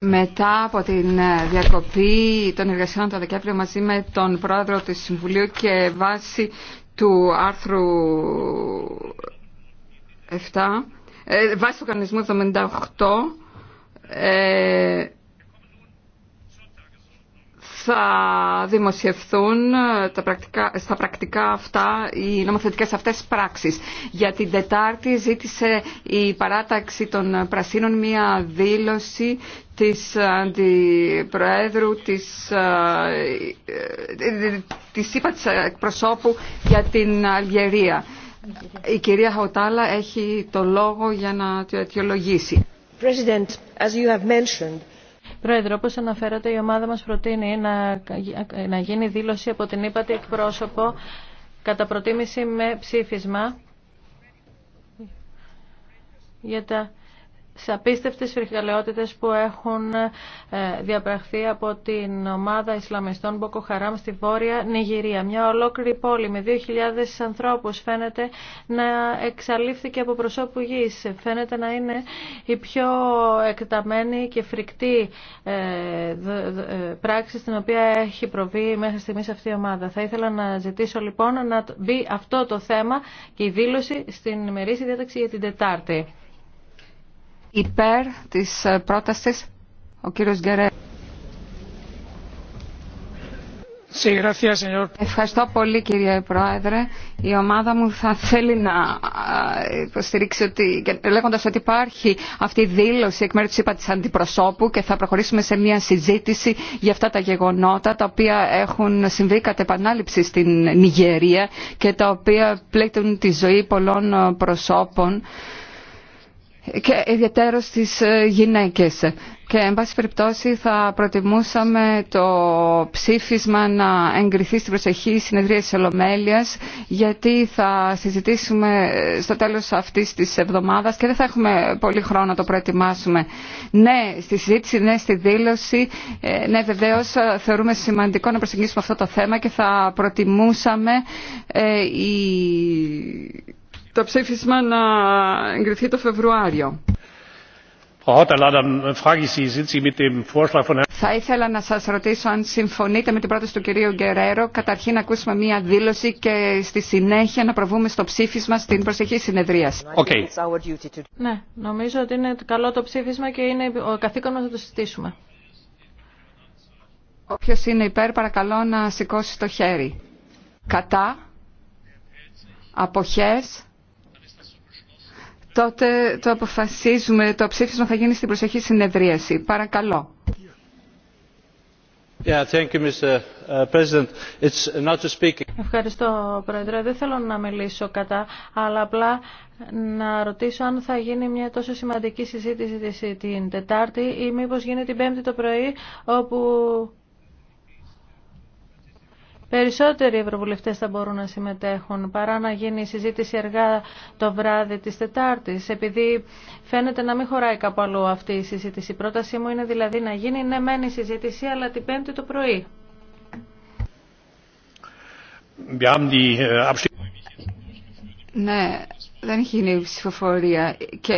Μετά από την ε, διακοπή των εργασιών το Δεκέμβριο μαζί με τον πρόεδρο του Συμβουλίου και βάση του άρθρου 7, ε, βάση του κανονισμού 78, θα δημοσιευθούν ε, τα πρακτικά, στα πρακτικά αυτά, οι νομοθετικές αυτές πράξεις. Για την Τετάρτη ζήτησε η παράταξη των Πρασίνων μία δήλωση της Αντιπροέδρου της, ε, ε, της ΥΠΑ εκπροσώπου για την Αλγερία. Η κυρία Χαουτάλα έχει το λόγο για να το αιτιολογήσει. Πρόεδρο, όπως αναφέρατε, η ομάδα μας προτείνει να, να γίνει δήλωση από την ύπατη εκπρόσωπο κατά προτίμηση με ψήφισμα για τα σε απίστευτες φρικαλαιότητες που έχουν ε, διαπραχθεί από την ομάδα Ισλαμιστών Μποκοχαράμ στη Βόρεια Νιγηρία. Μια ολόκληρη πόλη με 2.000 ανθρώπους φαίνεται να εξαλείφθηκε από προσώπου γης. Φαίνεται να είναι η πιο εκταμένη και φρικτή ε, ε, πράξη στην οποία έχει προβεί μέχρι στιγμής αυτή η ομάδα. Θα ήθελα να ζητήσω λοιπόν να μπει αυτό το θέμα και η δήλωση στην ημερήσια διάταξη για την Τετάρτη υπέρ της ε, πρότασης ο κύριος Γκερέ. Ευχαριστώ πολύ κύριε Πρόεδρε. Η ομάδα μου θα θέλει να ε, υποστηρίξει ότι, λέγοντας ότι υπάρχει αυτή η δήλωση εκ μέρους της Αντιπροσώπου και θα προχωρήσουμε σε μια συζήτηση για αυτά τα γεγονότα τα οποία έχουν συμβεί κατά επανάληψη στην Νιγερία και τα οποία πλέκτουν τη ζωή πολλών προσώπων και ιδιαίτερο στις ε, γυναίκες. Και, εν πάση περιπτώσει, θα προτιμούσαμε το ψήφισμα να εγκριθεί στην προσεχή συνεδρία της Ολομέλειας, γιατί θα συζητήσουμε ε, στο τέλος αυτής της εβδομάδας και δεν θα έχουμε πολύ χρόνο να το προετοιμάσουμε. Ναι, στη συζήτηση, ναι, στη δήλωση. Ε, ναι, βεβαίω θεωρούμε σημαντικό να προσεγγίσουμε αυτό το θέμα και θα προτιμούσαμε η το ψήφισμα να εγκριθεί το Φεβρουάριο. Θα ήθελα να σας ρωτήσω αν συμφωνείτε με την πρόταση του κυρίου Γκερέρο καταρχήν να ακούσουμε μία δήλωση και στη συνέχεια να προβούμε στο ψήφισμα στην προσεχή συνεδρία. Okay. Ναι, νομίζω ότι είναι καλό το ψήφισμα και είναι ο καθήκον μας να το συζητήσουμε. Όποιο είναι υπέρ παρακαλώ να σηκώσει το χέρι. Κατά, αποχές, τότε το αποφασίζουμε, το ψήφισμα θα γίνει στην προσεχή συνεδρίαση. Παρακαλώ. Ευχαριστώ, Πρόεδρε. Δεν θέλω να μιλήσω κατά, αλλά απλά να ρωτήσω αν θα γίνει μια τόσο σημαντική συζήτηση την Τετάρτη ή μήπως γίνει την Πέμπτη το πρωί, όπου περισσότεροι ευρωβουλευτέ θα μπορούν να συμμετέχουν παρά να γίνει η συζήτηση αργά το βράδυ τη Τετάρτη, επειδή φαίνεται να μην χωράει κάπου αλλού αυτή η συζήτηση. Η πρότασή μου είναι δηλαδή να γίνει ναι, μεν η συζήτηση, αλλά την Πέμπτη το πρωί. Äh, ναι, δεν έχει γίνει ψηφοφορία και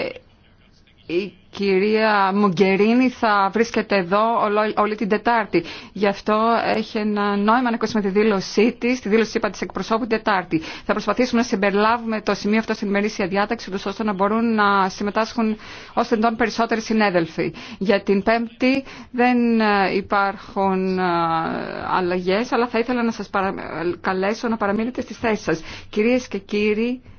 η κυρία Μουγκερίνη θα βρίσκεται εδώ όλη την Τετάρτη. Γι' αυτό έχει ένα νόημα να ακούσουμε τη δήλωσή τη, τη δήλωση είπα της εκπροσώπου Τετάρτη. Θα προσπαθήσουμε να συμπεριλάβουμε το σημείο αυτό στην ημερήσια διάταξη, ώστε να μπορούν να συμμετάσχουν ω τον περισσότεροι συνέδελφοι. Για την Πέμπτη δεν ε, υπάρχουν ε, αλλαγέ, αλλά θα ήθελα να σα καλέσω να παραμείνετε στι θέσει σα. Κυρίε και κύριοι,